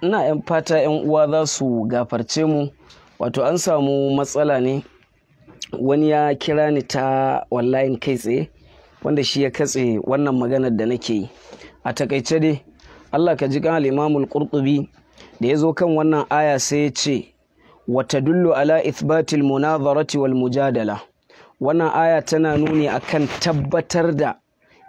ina yan fata yan uwa za su gafarce mu wato an samu matsala ne wani ya kira ni ta wallahi kai tsaye wanda shi ya katse wannan maganar da nake yi a takaice dai Allah ka ji kan alimamul imamul da ya zo kan wannan aya sai ya ce wata dullo ala ithbatil munazarati wal mujadala wannan aya tana nuni akan tabbatar da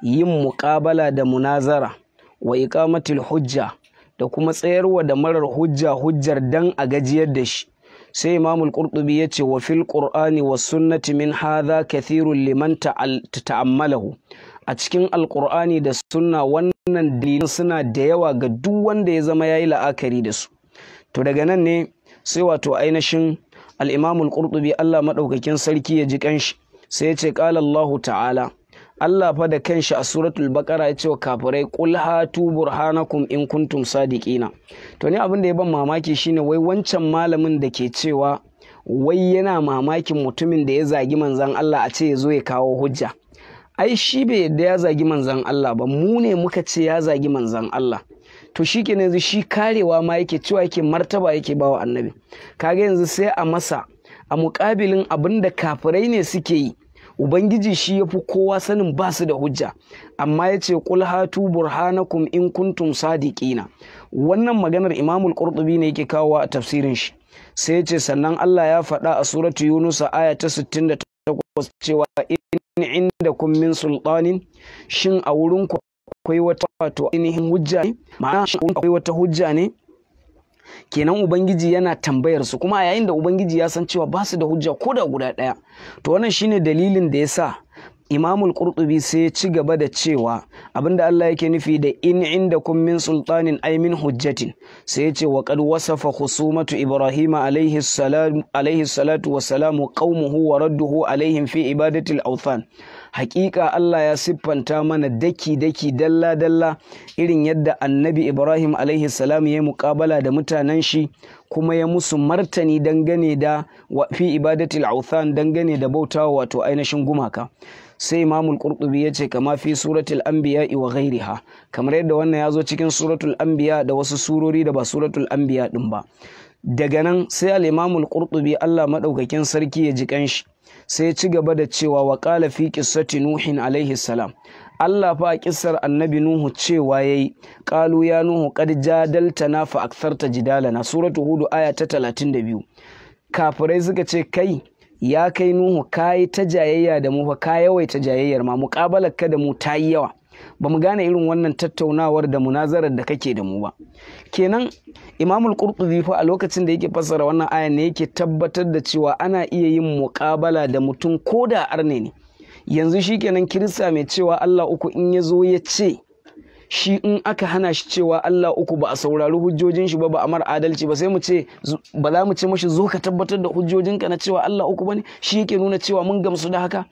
yin muƙabala da munazara wa iqamatil hujja da kuma tsayarwa da marar hujja hujjar dan a gajiyar da shi sai imamul qurtubi ya ce wa fil qur'ani wa sunnati min hadha kathirun liman ta'ammalahu a cikin Alƙur'ani da sunna wannan dalilan suna da yawa ga duk wanda ya zama ya yi la'akari da su to daga nan ne sai wato ainihin al-imamul qurtubi Allah madaukakin sarki ya ji kanshi sai ya ce qala Allahu ta'ala Allah fa da kanshi a suratul baqara ya ce wa kafirai qul hatu burhanakum in kuntum sadiqina to ni abin da ya ban mamaki shine wai wancan malamin da ke cewa wai yana mamakin mutumin da ya zagi manzan Allah a ce ya zo ya kawo hujja ai shi bai yadda ya zagi manzan Allah ba mu ne muka ce ya zagi manzan Allah to shi ke yanzu shi karewa ma yake cewa yake martaba yake ba wa annabi kaga yanzu sai a masa a muƙabilin abin da kafirai ne suke yi ubangiji shi ya fi kowa sanin ba su da hujja amma ya ce hatu burhanakum in kuntum sadiqina wannan maganar imamul qurtubi ne yake kawo a tafsirin shi sai ya ce sannan Allah ya faɗa a suratu yunus aya ta 68 cewa in kun min sultanin shin a wurin ku akwai wata hujja ne kenan ubangiji yana tambayar su kuma yayin da ubangiji ya san cewa ba su da hujja ko da guda ɗaya to wannan shine dalilin da ya sa imamul qurtubi sai ya ci gaba da cewa abinda Allah yake nufi da in inda kun min sultanin ay min hujjatin sai ya ce wa qad wasafa khusumatu ibrahim alayhi salam alayhi salatu wa salamu qaumuhu wa radduhu alaihim fi ibadati al-awthan haƙiƙa Allah ya siffanta mana daki-daki dalla-dalla irin yadda annabi Ibrahim alaihi salam ya muƙabala da mutanen shi kuma ya musu martani dangane da fi ibadatil authan dangane da bautawa wato ainihin gumaka sai imamul qurtubi ya ce kama fi suratul anbiya wa ghairiha kamar yadda wannan ya zo cikin suratul anbiya da wasu surori da ba suratul anbiya din ba daga nan sai al'imamul ƙurɗubi Allah maɗaukakin sarki ya ji ƙanshi sai ci gaba da cewa wa ƙala fi nuhin alaihi salam Allah fa a ƙisar annabi Nuhu cewa ya yi ƙalu ya Nuhu qad na fa na na suratu hudu aya ta talatin da biyu kafirai suka ce kai ya kai Nuhu ka yi ta jayayya da mu fa ka yawaita jayayyar ma muqabalar ka da mu ta yi yawa ba mu gane irin wannan tattaunawar da munazarar da kake da mu ba kenan imamul qurtubi fa a lokacin da yake fassara wannan aya ne yake tabbatar da cewa ana iya yin muƙabala da mutum ko da arne ne yanzu shi kenan kirista mai cewa Allah uku in ya zo ya ce shi in aka hana shi cewa Allah uku ba a saurari hujjojin shi ba ba a mar adalci ba sai mu ce ba za mu ce mashi zo ka tabbatar da hujjojinka na cewa Allah uku bane shi yake nuna cewa mun gamsu da haka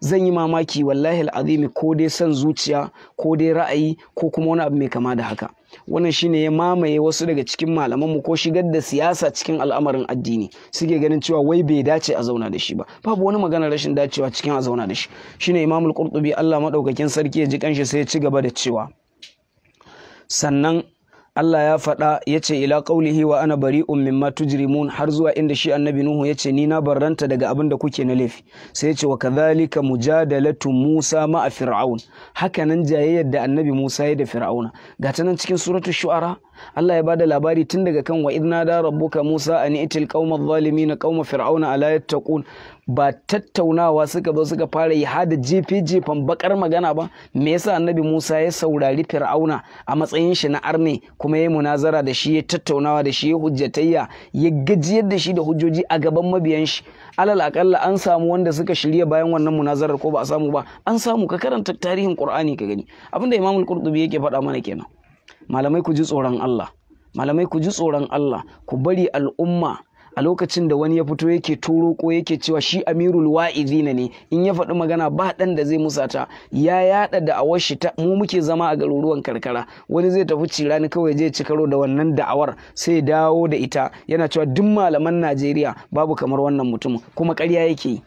zan yi mamaki wallahi al'azimi ko dai son zuciya ko dai ra'ayi ko kuma wani abu mai kama da haka wannan shine ya mamaye wasu daga cikin malaman mu ko shigar da siyasa cikin al'amarin addini suke ganin cewa wai bai dace a zauna da shi ba babu wani magana rashin dacewa cikin a zauna da shi shine imamul qurtubi Allah madaukakin sarki ya ji kanshi sai ya ci gaba da cewa sannan Allah ya faɗa ya ce ila ƙaulihi wa ana ummin matu-jirimun har zuwa inda shi annabi Nuhu ya ce ni na barranta daga abin da kuke na laifi sai ya ce wa kadhalika mujadalatu Musa ma'a Fir'aun haka nan jayayyar da annabi Musa ya da Fir'auna gata nan cikin suratul shu'ara Allah ya bada labari tun daga kan wa idna da rabbuka Musa an itil qaumaz zalimin qauma fir'auna ala yattaqun ba tattaunawa suka zo suka fara yi hada jefe jefan bakar magana ba me yasa annabi Musa ya saurari fir'auna a matsayin shi na arne kuma ya munazara da shi ya tattaunawa da shi ya hujjatayya ya gajiyar da shi da hujjoji a gaban mabiyan shi alal akalla an samu wanda suka shirya bayan wannan munazarar ko ba a samu ba an samu ka karanta tarihin Qur'ani ka gani abinda imamul Al-Qurtubi yake faɗa mana kenan malamai ku ji tsoron Allah malamai ku ji tsoron Allah ku bari al'umma a lokacin da wani ya fito yake turo ko yake cewa shi amirul wa'izina ne in ya faɗi magana ba ɗan da zai musata ya yaɗa da'awar shi ta mu muke zama a garuruwan karkara wani zai tafi cira ni kawai zai ci karo da wannan da'awar sai dawo da ita yana cewa duk malaman Najeriya babu kamar wannan mutum kuma ƙarya yake yi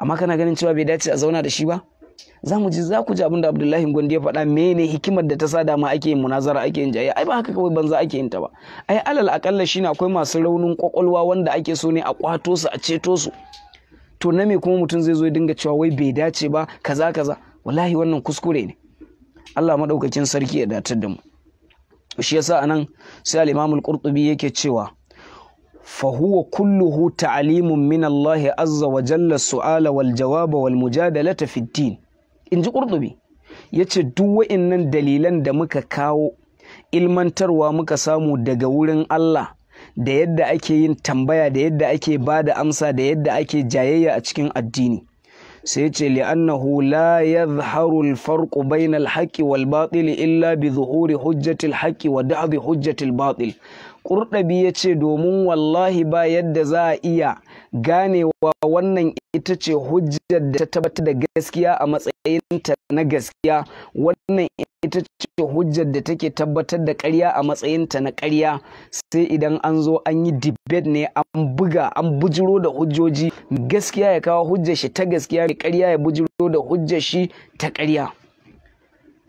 amma kana ganin cewa bai dace a zauna da shi ba za mu ji za ku ji abin da abdullahi gwandi ya faɗa mene hikimar da ta sa dama ake yin munazara ake yin jayayya ai ba haka kawai banza ake yin ta ba ai alal akalla shine akwai masu raunin kwakwalwa wanda ake so ne a kwato su a ceto su to na me kuma mutum zai zo ya dinga cewa wai bai dace ba kaza kaza wallahi wannan kuskure ne Allah madaukakin sarki ya datar da mu shi yasa anan sai al-Imam al-Qurtubi yake cewa فهو كله تعليم من الله عز وجل السؤال والجواب والمجادلة في الدين in ji ƙurɗubi ya ce duk wa'innan dalilan da muka kawo ilmantarwa muka samu daga wurin Allah da yadda ake yin tambaya da yadda ake ba da amsa da yadda ake jayayya a cikin addini sai ce li'annahu la yadhharu al-farqu bayna al-haqqi wal batil illa bi zuhuri hujjati al wa da'bi hujjati al-batil qurdabi yace domin wallahi ba yadda za a iya ganewa wannan ita ce hujjar da ta tabbatar da gaskiya a matsayinta na gaskiya wannan ita ce hujjar da take tabbatar da ƙarya a matsayinta na ƙarya sai idan an zo an yi debate ne an buga an bujiro da hujjoji gaskiya ya kawo hujjar shi ta gaskiya ƙarya ya bujiro da hujjar shi ta ƙarya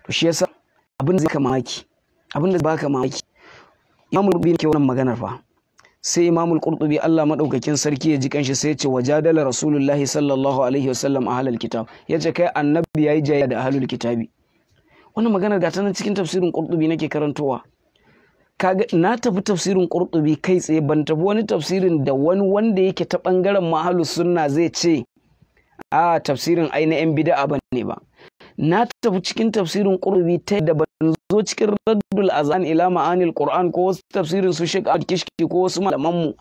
to shi yasa abin da zai ka mamaki abin da zai baka mamaki imamu rubin ke wannan maganar fa sai imamul qurtubi Allah madaukakin sarki ya ji kanshi sai ya ce wajadala rasulullahi sallallahu alaihi wasallam ahlul kitab ya ce kai annabi yayi jayya da ahlul kitabi wannan magana ga ta nan cikin tafsirin qurtubi nake karantowa kaga na tafi tafsirin qurtubi kai tsaye ban tafi wani tafsirin da wani wanda yake ta bangaren mahalus sunna zai ce a tafsirin ai na yan bid'a bane ba na tafi cikin tafsirin qurbi ta da ban zo cikin raddul azan ila ma'anil qur'an ko wasu tafsirin su Sheikh Abdul Kishki ko wasu malaman mu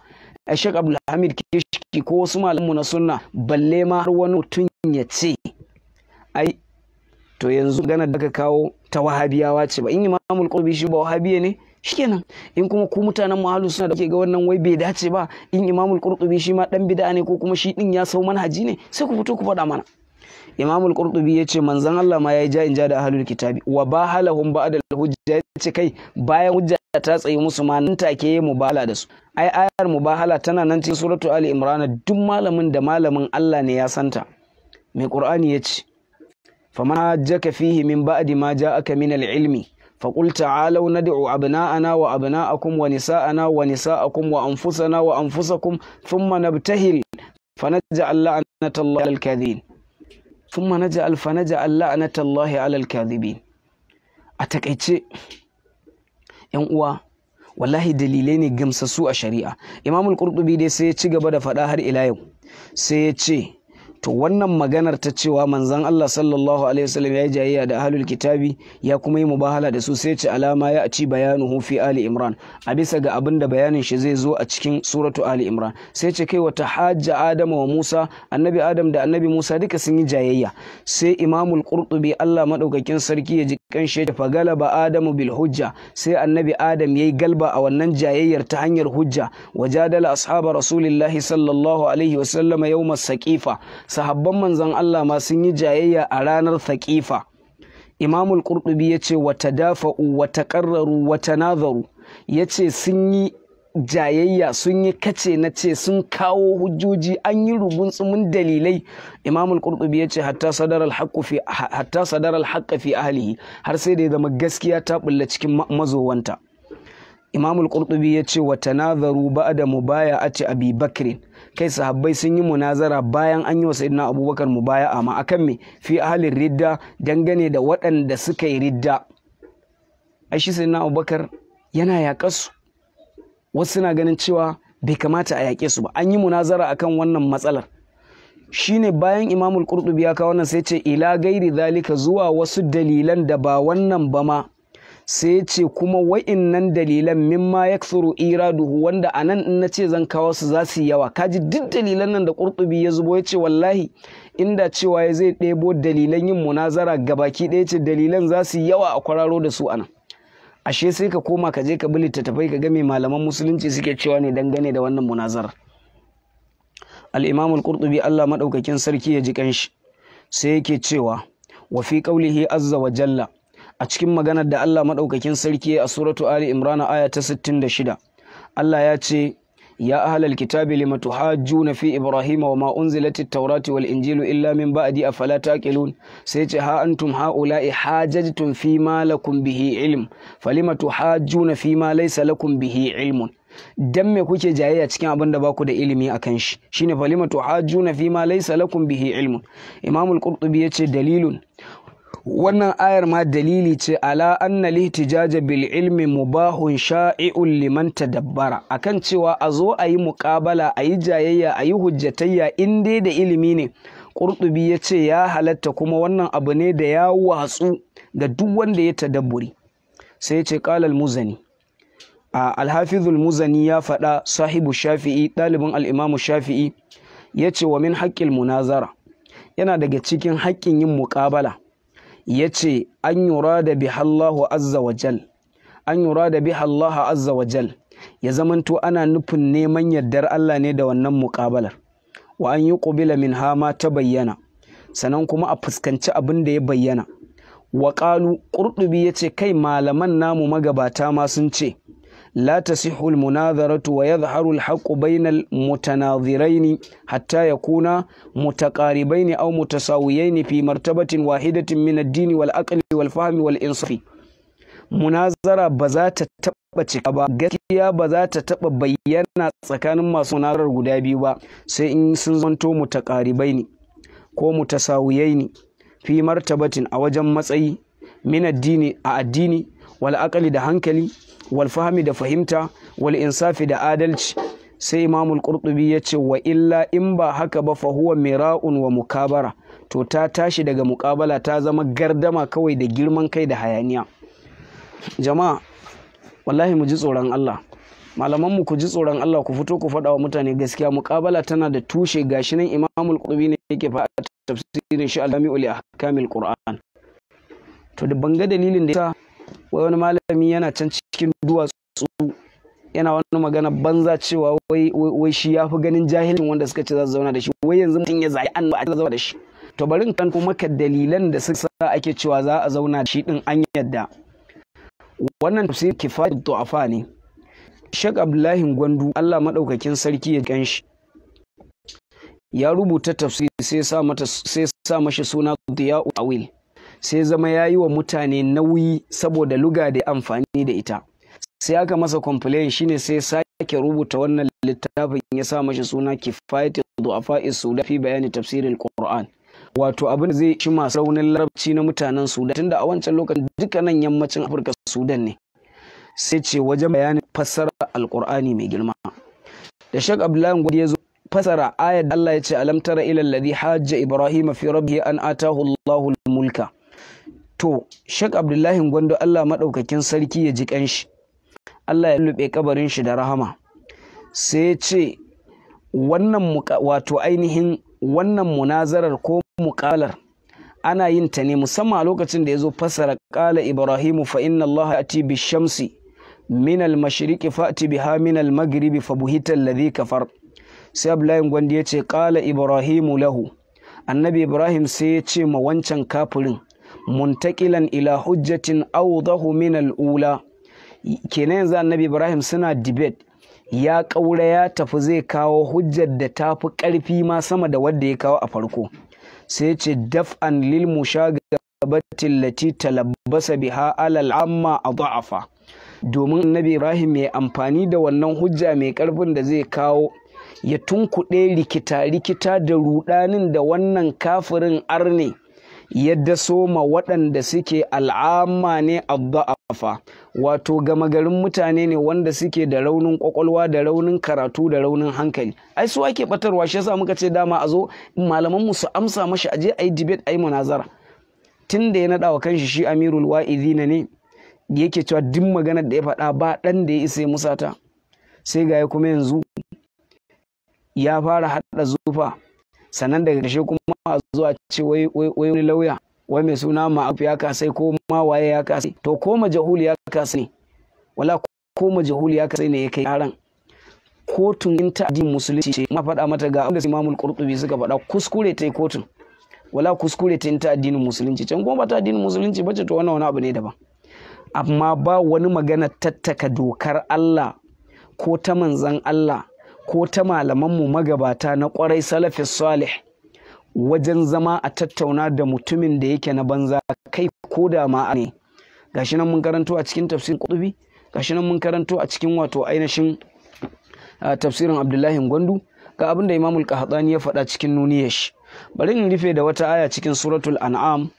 eh, Sheikh Abdul Hamid Kishki ko wasu malaman mu na sunna balle ma har wani mutum ya ce ai to yanzu gana da ka kawo ta wahabiyawa ce ba in imamul qurbi shi ba wahabiya ne shikenan in kuma ku mutanen mahalu suna da ke ga wannan wai bai dace ba in imamul qurtubi shi ma dan bid'a ne ko kuma shi din ya sau manhaji ne sai ku fito ku faɗa mana imamul qurtubi ya ce manzon Allah ma yayi ja'in ja da ahlul kitabi wa bahalahum ba'da hujja ya ce kai bayan hujja ta tsaye musu ma nan take yi mubahala da su ai ayar mubahala tana nan cikin suratu ali imran duk malamin da malamin Allah ne ya santa mai qur'ani ya ce faman hajjaka fihi min ba'di ma ja'aka min al-ilmi فقل تعالوا ندعو أبناءنا وأبناءكم ونساءنا ونساءكم وأنفسنا وأنفسكم ثم نبتهل فنجعل لعنة الله الكاذبين thumma naj'al allah naj'al natallahi 'alal kadhibin a takaice yan uwa wallahi dalilai ne su a shari'a imamul qurtubi dai sai ya ci gaba da faɗa har ila yau sai ya ce to wannan maganar ta cewa manzan Allah sallallahu alaihi wasallam ya jayayya da ahlul kitabi ya kuma yi mubahala da su sai ce alama ya ci bayanin hufi ali imran a bisa ga abin da bayanin shi zai zo a cikin suratu ali imran sai ce kai wata hajja adama wa musa annabi adam da annabi musa duka sun yi jayayya sai imamul qurtubi Allah maɗaukakin sarki ya ji kanshi ya fagala ba adamu bil hujja sai annabi adam yayi galba a wannan jayayyar ta hanyar hujja wajadala ashaba rasulillahi sallallahu alaihi wasallam yawmas saqifa sahabban manzon Allah ma sun yi jayayya a ranar thaqifa imamul qurtubi yace wa tadafa'u wa taqarraru wa tanazaru yace sun yi jayayya sun yi kace na ce sun kawo hujjoji an yi rubun tsumin dalilai imamul qurtubi yace hatta sadar al fi hatta sadar al fi ahlihi har sai da ya zama gaskiya ta bulla cikin mazowanta imamul qurtubi yace wa tanazaru ba'da mubaya'ati abi bakrin kai sahabbai sun yi munazara bayan an yi wa sayyidina abubakar mu baya amma akan me fi ahalin ridda dangane da waɗanda suka yi ridda ai shi sayyidina abubakar yana su wasu na ganin cewa bai kamata a yaƙe su ba an yi munazara akan wannan matsalar shine bayan imamul qurtubi ya kawo wannan sai ce ila gairi zalika zuwa wasu dalilan da ba wannan ba ma sai ya ce kuma wa'innan dalilan mimma ya iraduhu wanda a nan in na ce zan kawo su za su yawa kaji duk dalilan nan da ƙurtubi ya zubo ya ce wallahi inda cewa ya zai ɗebo dalilan yin munazara gabaki ɗaya ce dalilan za su yawa a kwararo da su anan ashe sai ka koma ka je ka bi littattafai ka ga malaman musulunci suke cewa ne dangane da wannan munazara. al-imam Allah maɗaukakin sarki ya ji kanshi sai yake cewa wa fi ƙaulihi azza wa jalla a cikin maganar da Allah maɗaukakin sarki a suratu Ali imrana aya ta sittin da shida Allah ya ce ya ahlal kitabi lima tuhajjuna fi ibrahim wa ma unzilat taurati wal injilu illa min a afala taqilun sai ce ha antum haula'i hajajtum fi ma lakum bihi ilm falima tuhajjuna fi ma laysa lakum bihi ilmun dan me kuke jayayya cikin abin da baku da ilimi akan shi shine falima tuhajjuna fi ma laysa lakum bihi ilmun imamul al-qurtubi yace dalilun wannan ayar ma dalili ce ala anna lihtijaja bil ilmi mubahun sha'i'un liman a kan cewa a zo a yi muƙabala a yi jayayya a yi hujjatayya in dai da ilimi ne ƙurɗubi ya ce ya halatta kuma wannan abu ne da ya watsu ga duk wanda ya tadabburi sai ce ƙalal muzani a alhafizul muzani ya faɗa sahibu shafi'i ɗalibin al'imamu shafi'i ya ce wa min haƙƙin munazara yana daga cikin haƙƙin yin muƙabala ya ce an yura da bihallahu azza wa jal an yura da bihallahu azza wa jal ya zamanto ana nufin neman yardar Allah ne da wannan muƙabalar wa an yi ƙubila min hama ta bayyana sannan kuma a fuskanci abin da ya bayyana wa ƙalu ƙurɗubi ya ce kai malaman namu magabata ma sun ce لا تصح المناظرة ويظهر الحق بين المتناظرين حتى يكونا متقاربين أو متساويين في مرتبة واحدة من الدين والعقل والفهم والإنصاف munazara ba za ta taɓa cika ba gaskiya ba za ta taɓa bayyana tsakanin masu munazarar guda biyu ba sai in sun zanto taƙaribai ne ko mutasawiyai ne fi martabatin a wajen matsayi min addini a addini wal da hankali walfahami da fahimta wal insafi da adalci sai imamul qurtubi ya ce wa illa in ba haka ba fa huwa mira'un wa mukabara to ta tashi daga mukabala ta zama gardama kawai da girman kai da hayaniya jama'a wallahi mu ji tsoron Allah mu ku ji tsoron Allah ku fito ku faɗa wa mutane gaskiya mukabala tana da tushe gashi nan imamul qurbi ne yake faɗa tafsirin shi al-jami'u li ahkamil qur'an to da banga dalilin da yasa wai wani malami yana can cikin duwatsu yana wani magana banza cewa wai shi ya fi ganin jahilin wanda suka ce za su zauna da shi wai yanzu mutum ya zai an ba a zauna da shi to bari kan kuma ka dalilan da suka sa ake cewa za a zauna da shi din an yadda wannan tafsir kifayat du'afa ne Sheikh Abdullahi Gwandu Allah madaukakin sarki ya shi. ya rubuta tafsir sai sa mata sai sa mashi suna a Awil sai zama ya yi wa mutane nauyi saboda luga da amfani da ita sai aka masa complain shine sai sake rubuta wannan littafin ya sa mashi suna kifayat du'afa sudan fi bayani tafsirin qur'an wato abin da zai shi masu raunin larabci na mutanen sudan tunda a wancan lokacin dukkanin yammacin afirka sudan ne sai ce wajen bayanin fassara alkur'ani mai girma da shak abdullahi gwadi ya zo fassara ayar da Allah ya ce alam tara ila alladhi hajja ibrahima fi rabbihi an atahu allahul mulka to shek abdullahi gwando allah maɗaukakin sarki ya ji shi allah ya lube kabarin shi da rahama sai ce wannan wato ainihin wannan munazarar ko muƙalar ana yin ta ne musamman a lokacin da ya zo fassara ƙala ibrahimu fa inna allah ati bi shamsi min al mashriqi ati biha min al maghribi fa buhita alladhi kafar sai abdullahi gwando ya ce ƙala ibrahimu lahu annabi ibrahim sai ya ce ma wancan kafirin muntakilan ila hujjatin awdahu min al'ula kenan yanzu annabi ibrahim suna debate ya ƙaura ya tafi zai kawo hujjar da ta fi ƙarfi ma sama da wadda ya kawo a farko sai ce daf'an lil mushagabatin lati talabbasa biha alal amma a da'afa domin annabi ibrahim mai amfani da wannan hujja mai ƙarfin da zai kawo ya tunkuɗe rikita-rikita da ruɗanin da wannan kafirin arne yadda soma waɗanda suke al'amma ne adda'afa wato gama garin mutane ne wanda suke da raunin kwakwalwa da raunin karatu da raunin hankali ai su ake batarwa shi yasa muka ce dama a zo malaman mu su amsa mashi aje dibet debate ayi munazara tun da ya naɗa wa kanshi shi Amirul na ne yake cewa duk maganar da ya faɗa ba ɗan da ya isa musata sai ga ya kuma yanzu ya fara haɗa zufa sannan daga ƙarshe kuma a zuwa ce wai wani lauya wai mai suna ma'af ya kasai ko ma waye ya kasai to ko majahul ya kasai ne wala ko majahul ya kasai ne ya kai karan kotun in ta addinin musulunci ce ma faɗa mata ga abin da imamul qurtubi suka faɗa kuskure ta kotun wala kuskure ta in ta addinin musulunci can kuma ba ta addinin musulunci ba ce to wannan wani abu ne daban amma ba wani magana tattaka dokar Allah ko ta manzan Allah ko ta malamanmu magabata na kwarai salafi salih wajen zama a tattauna da mutumin da yake na banza kai ko da ma ne gashi nan mun karanto a cikin tafsir kutubi gashi nan mun karanto a cikin wato ainihin tafsirin abdullahi gwandu ga abin da imamul qahtani ya faɗa cikin nuniyar bari in rufe da wata aya cikin suratul an'am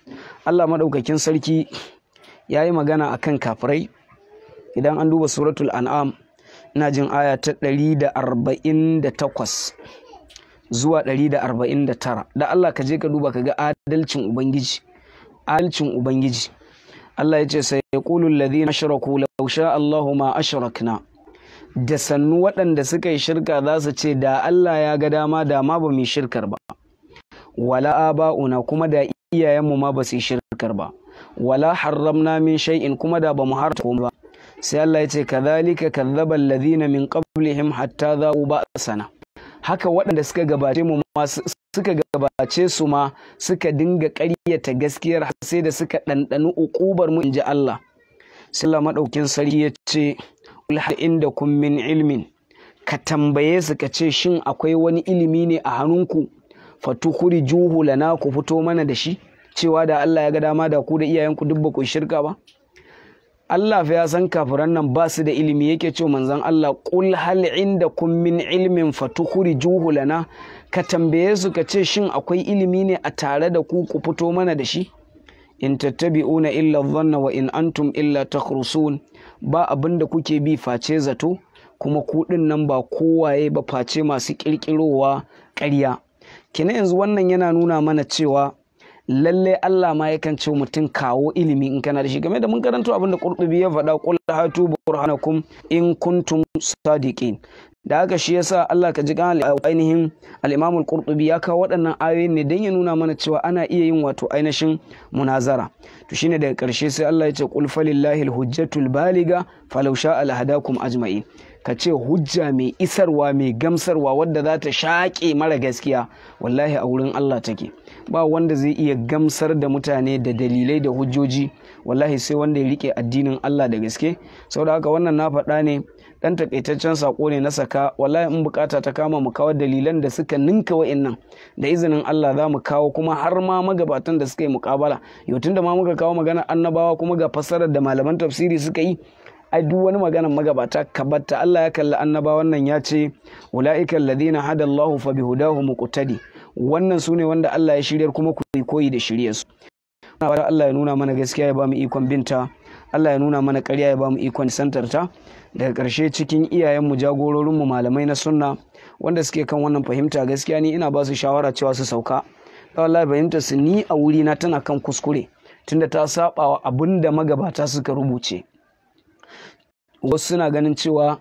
Allah madaukakin sarki ya yi magana akan kafirai idan an duba suratul an'am ina jin aya ta 148 zuwa 149 da Allah ka je ka duba ka ga adalcin ubangiji adalcin ubangiji Allah ya ce sai yaqulu alladhina ashraku law sha Allahu ma na. da sannu waɗanda suka yi shirka za su ce da Allah ya ga dama da ma ba mu shirkar ba wala aba'una kuma da iyayenmu ma ba su yi shirkar ba wala harramna min shay'in kuma da ba mu harta ba sai Allah ya ce kadhalika kadzaba alladhina min qablihim hatta zaqu ba'sana haka waɗanda suka gabace mu ma suka gabace su ma suka dinga ƙaryata gaskiyar sai da suka ɗanɗani uƙubar mu inji Allah sai Allah madaukin sarki ya ce kul inda kun min ilmin ka tambaye su ka ce shin akwai wani ilimi ne a hannunku fatukuri juhu lana ku fito mana da shi cewa da Allah ya ga dama da ku da iyayenku duk ba ku shirka ba Allah fa ya san kafiran nan ba su da ilimi yake ce manzon Allah kul hal inda kun min ilmin juhula lana ka tambaye su ka ce shin akwai ilimi ne a tare da ku ku fito mana da shi in tattabi'una illa dhanna wa in antum illa takhrusun ba abinda kuke bi face zato kuma ku nan ba kowaye ba face masu kirkirowa ƙarya kina yanzu wannan yana nuna mana cewa lalle Allah ma yakan ce mutum kawo ilimi in kana da shi game da mun karanto abin da Qurtubi ya faɗa qul hatu burhanakum in kuntum sadiqin da haka shi yasa Allah ka ji ga ainihin al-Imam al-Qurtubi ya kawo waɗannan ayoyin ne dan ya nuna mana cewa ana iya yin wato ainihin munazara to shine daga ƙarshe sai Allah ya ce qul falillahi al-hujjatul baliga falau sha'a lahadakum ajma'in ka ce hujja mai isarwa mai gamsarwa wadda za ta shaƙe mara gaskiya wallahi a wurin Allah take ba wanda zai iya gamsar da mutane da dalilai da hujjoji wallahi sai wanda ya rike addinin Allah da gaske saboda haka wannan na faɗa ne dan takaitaccen sako ne na saka wallahi in bukata ta kama mu kawo dalilan da suka ninka wa'annan da izinin Allah za mu kawo kuma har ma magabatan da suka yi mukabala yau tunda ma muka kawo magana annabawa kuma ga fassarar da malaman tafsiri suka yi ai duk wani maganar magabata kabatta Allah ya kalli annaba wannan ya ce ula'ikal ladina hadallahu fa bihudahu muqtadi wannan su ne wanda Allah ya shiryar kuma ku yi koyi da shiryarsu Allah ya nuna mana gaskiya ya ba mu ikon binta Allah ya nuna mana ƙarya ya ba mu ikon santarta daga ƙarshe cikin iyayenmu jagororinmu malamai na sunna wanda suke kan wannan fahimta gaskiya ni ina ba su shawara cewa su sauka wallahi fahimta su ni a wuri na tana kan kuskure tunda ta saba wa abin da magabata suka rubuce wasu suna ganin cewa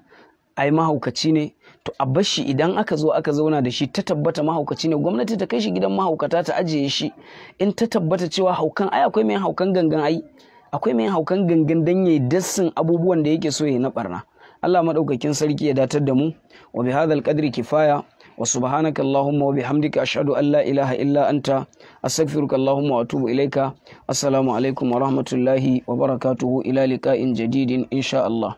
ai mahaukaci ne to a bar idan aka zo aka zauna da shi ta tabbata mahaukaci ne gwamnati ta kai shi gidan mahaukata ta ajiye shi in ta tabbata cewa haukan ai akwai mai haukan gangan ai akwai mai haukan gangan dan yayi dassin abubuwan da yake so ya na barna Allah madaukakin sarki ya datar da mu wa bi hadha qadri kifaya wa subhanaka allahumma wa bihamdika ashhadu an la ilaha illa anta astaghfiruka allahumma wa atubu ilaika assalamu alaikum wa rahmatullahi wa barakatuhu ila liqa'in jadidin insha Allah